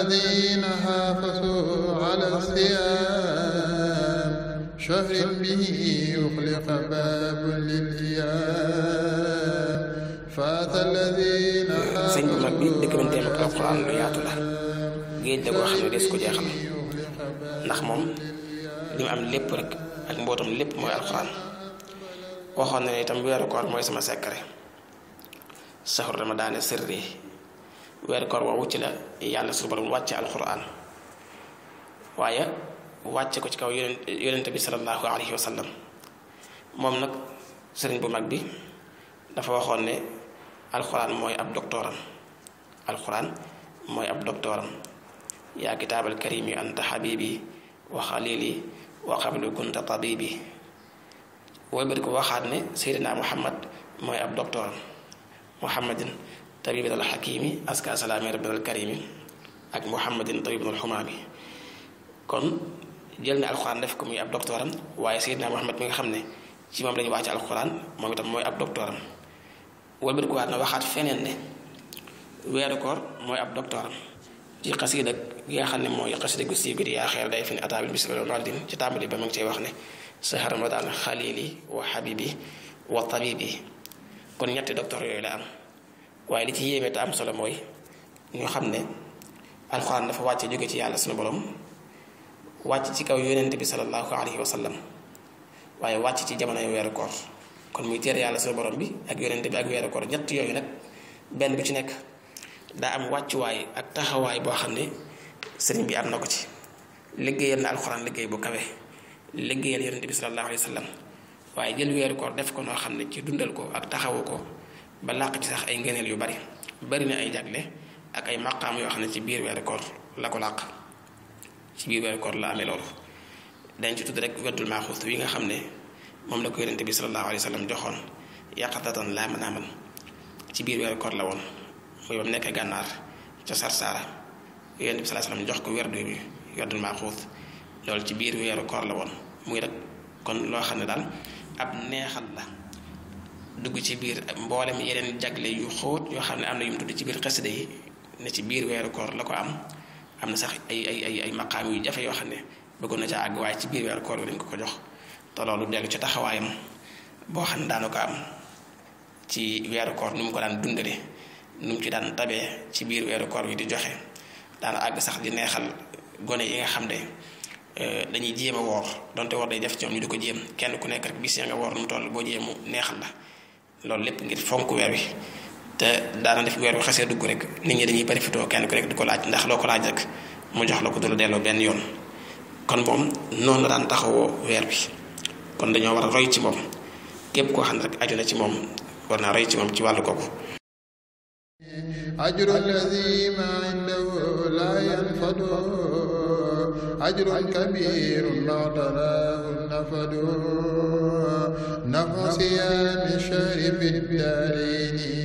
الذين حافظوا على الصيام شهر به يخلق باب للإيام فات الذين حافظوا على géej la boo xam ne des ko jeexal ndax moom li mu am lépp rek ak mbootam lépp mooy alxuraan waxoon na ne itam weeru koor mooy sama secret saxur dama daane sërri weer koor woowu ci la yàlla su borom wàcce alquran waaye wàcce ko ci kaw yonent yonente bi salallahu alayhi wa sallam moom nag sëriñ bu mag bi dafa waxoon ne alquran mooy ab doctoram alquran mooy ab doctoram yaa kitaabal karimi anta xabibi wa xalili wa qablu kunta tabibi wooy bëri ko waxaat ne seydina muhammad mooy ab doctoram muhammadin طبيب الحكيم aska salaami rabbina alkarimi ak muhammadin tabibin alxumaami kon jël na alquran def ko muy ab doctoram waaye sayidna muhammad mi nga xam ne ci moom lañu wàcc alquran moom itam mooy ab doctoram walbit ko waat na waxaat feneen ne weeru koor mooy ab doctoram ci xasiid ak gi nga xam ne mooy xasiida gu siiw gi di yaa xeer day fi ne ataabil bismillah mardin ci tàmbali ba ma ngi cay wax ne sahar ramadan xalili wa habibi wa tabibi kon ñetti docteur yooyu la am waaye li ci yéeme te am solo mooy ñu xam ne alxuraan dafa wàcce jóge ci yàlla sunu borom wàcc ci kaw yonent bi sallallahu alayhi wa sallam waaye wàcc ci jamonoy weeru koor kon muy téere yàlla sunu borom bi ak yonent bi ak weeru koor ñett yooyu nag benn bu ci nekk daa am wàccuwaay ak taxawaay boo xam ne sëriñ bi am na ko ci liggéeyal na alxuraan liggéey bu kawe liggéeyal yonent bi sallallahu alayhi wa waaye jël weeru koor def ko noo xam ne ci dundal ko ak taxawu ko ba làq ci sax ay ngëneel yu bari bari na ay jagle ak ay maqaam yoo xam ne ci biir weeru koor la ko làq ci biir weeru koor la amee loolu dañ ci tudd rek weddul maaxuus wi nga xam ne moom la ko yonente bi salallahu alayhi wa sallam yàqatatan laa manaaman ci biir weeru koor la woon muy ba nekk gànnaar ca sarsaara yonente bi salallahu sallam jox ko werdu bi weddul maaxuus loolu ci biir weeru koor la woon muy rek kon loo xam ne ab neexal la dugg ci biir mboolem yeneen jagle yu xóot yoo xam ne am na yu mu tudd ci biir xasida yi ne ci biir weeru koor la ko am am na sax ay ay ay ay maqaam yu jafe yoo xam ne bëggoon na ca àgg waaye ci biir weeru koor dañ ko ko jox te loolu dellu ci taxawaayam boo xam ne daanu ci weeru koor nu mu ko daan dundale nu mu ci daan tabee ci biir weeru koor wi di joxe daana àgg sax di neexal gone yi nga xam ne euh, dañuy jéem a woor donte woor day def ci ñoom ñu du ko jéem kenn ku nekk rek bis ya nga woor nu mu toll boo jéemu neexal la loolu lépp ngir fonk weer wi te daana def weer wi xasee dugg rek nit ñi dañuy profité kenn ku nekk di ko laaj ndax loo ko laaj rek mu jox la ko du la delloo benn yoon kon moom noonu la daan taxawoo weer bi kon dañoo war a roy ci moom képp koo xam ne rek aju na ci moom war naa roy ci moom ci wàllu kooku أجر الذي ما عنده لا ينفد أجر كبير ما تراه النفد نفسي بشرف الدارين